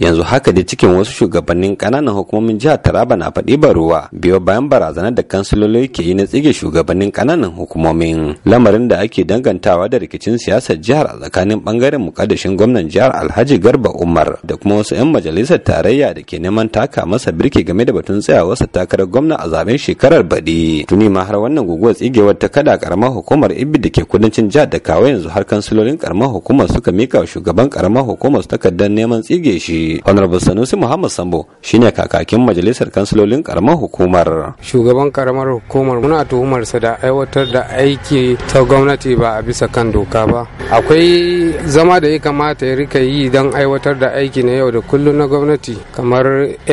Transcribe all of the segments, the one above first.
yanzu haka da cikin wasu shugabannin kananan hukumomin jihar taraba na faɗi ba ruwa biyo bayan barazanar da kansiloli ke yi na tsige shugabannin kananan hukumomin lamarin da ake dangantawa da rikicin siyasar jihar a tsakanin bangaren mukaddashin gwamnan jihar alhaji garba umar da kuma wasu 'yan majalisar tarayya da ke neman taka masa birki game da batun tsayawarsa takarar gwamna a zaben shekarar baɗi tuni ma har wannan guguwar tsigewar ta kada karamar hukumar ibi da ke kudancin jihar da kawo yanzu har kansilolin karamar hukumar suka mika shugaban karamar hukumar su takardar neman tsige shi honorable sanusi muhammad sambo shine kakakin majalisar kansilolin karamar hukumar shugaban karamar hukumar muna tuhumar sa da aiwatar da aiki ta gwamnati ba a bisa kan doka ba akwai zama da ya kamata ya rika yi don aiwatar da aiki na yau da kullum na gwamnati kamar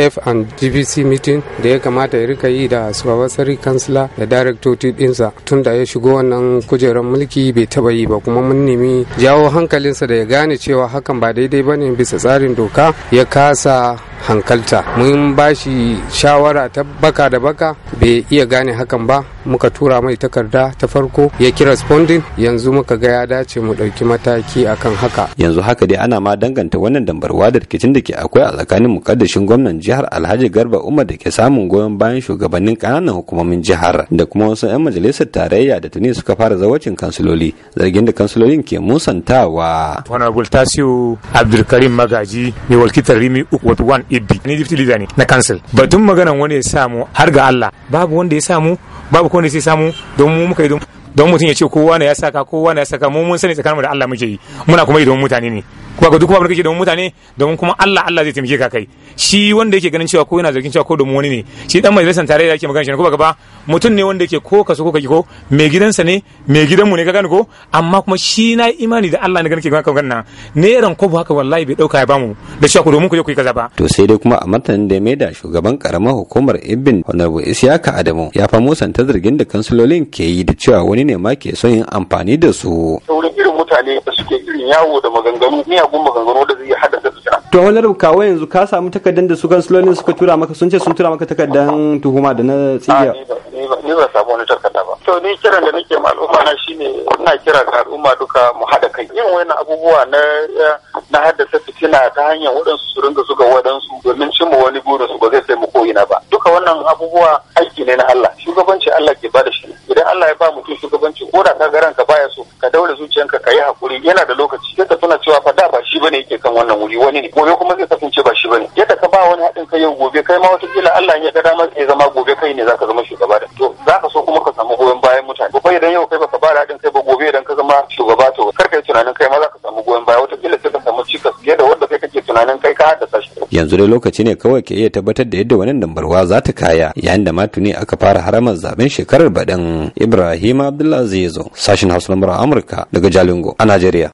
f and gbc meeting da ya kamata ya rika yi da shugabansari kansila da daraktoci dinsa tun da ya shigo wannan kujerar mulki bai taba yi ba kuma mun nemi jawo hankalinsa da ya gane cewa hakan ba daidai ba ne bisa tsarin doka ya kasa hankalta mun ba shi shawara ta baka da baka bai iya gane hakan ba muka tura mai takarda ta farko ya ki responding yanzu muka ga ya dace mu ɗauki mataki akan haka yanzu haka dai ana ma danganta wannan dambarwa da rikicin da ke akwai a tsakanin mukaddashin gwamnan jihar alhaji garba umar da ke samun goyon bayan shugabannin kananan hukumomin jihar da kuma wasu 'yan majalisar tarayya da tuni suka fara zawacin kansiloli zargin da kansilolin ke musantawa honorable tasiu abdulkarim magaji ne walkitar rimi uku ibbi ni difti leader ne na kansil batun maganan wanda ya samu har ga Allah babu wanda ya samu babu ko wanda ya samu don mu muka yi don mutum ya ce kowa ne ya saka kowa ne ya saka mu mun sani tsakaninmu da Allah muke yi muna kuma yi don mutane ne kuma ga duk kuma kake domin mutane domin kuma Allah Allah zai taimake ka kai shi wanda yake ganin cewa ko yana zargin cewa ko domin wani ne shi dan majalisar tarayya yake magana shi ko ba mutum ne wanda yake ko kaso ko kake ko mai gidansa ne mai gidanmu ne ka gane ko amma kuma shi na imani da Allah ne ganin ke ga kan ne ran ko haka wallahi bai dauka ya bamu da cewa ku domin ku je yi kaza ba to sai dai kuma a martanin da mai da shugaban karamar hukumar Ibn Honorable ka Adamu ya fa musanta zargin da kansulolin ke yi da cewa wani ne ma ke son yin amfani da su irin yawo da maganganu ne miyagun maganganu da zai haddasa fitina. to wani kawo yanzu ka samu takardar da su sulonin suka tura maka sun ce sun tura maka takardar tuhuma da na tsigiya. ni ba samu wani takarda ba. to ni kiran da nake ma al'umma na shine ina kira ga al'umma duka mu hada kai yin wani abubuwa na na haddasa fitina ta hanyar waɗansu su ringa zuga waɗansu domin cimma wani su ba zai sai mu ko'ina ba. wannan abubuwa aiki ne na Allah shugabanci Allah ke bada shi idan Allah ya ba mutum shugabanci ko da ka ga ranka baya so ka daure zuciyanka ka yi hakuri yana da lokaci sai ka tuna cewa fa da ba shi bane yake kan wannan wuri wani ne gobe kuma zai kasance ba shi bane yadda ka ba wani haɗin kai yau gobe kai ma wata kila Allah ya ga damar ya zama gobe kai ne zaka zama shugaba da to zaka so kuma ka samu goyon bayan mutane Ko idan yau kai baka ba da haɗin kai ba gobe idan ka zama shugaba to kar ka yi tunanin kai ma zaka samu goyon kai ka haɗa yanzu dai lokaci ne kawai ke iya tabbatar da yadda wannan dambarwa za ta kaya yayin da ma tuni aka fara haramar zaben shekarar baɗin ibrahim zo sashen hausa na amurka daga jalingo a najeriya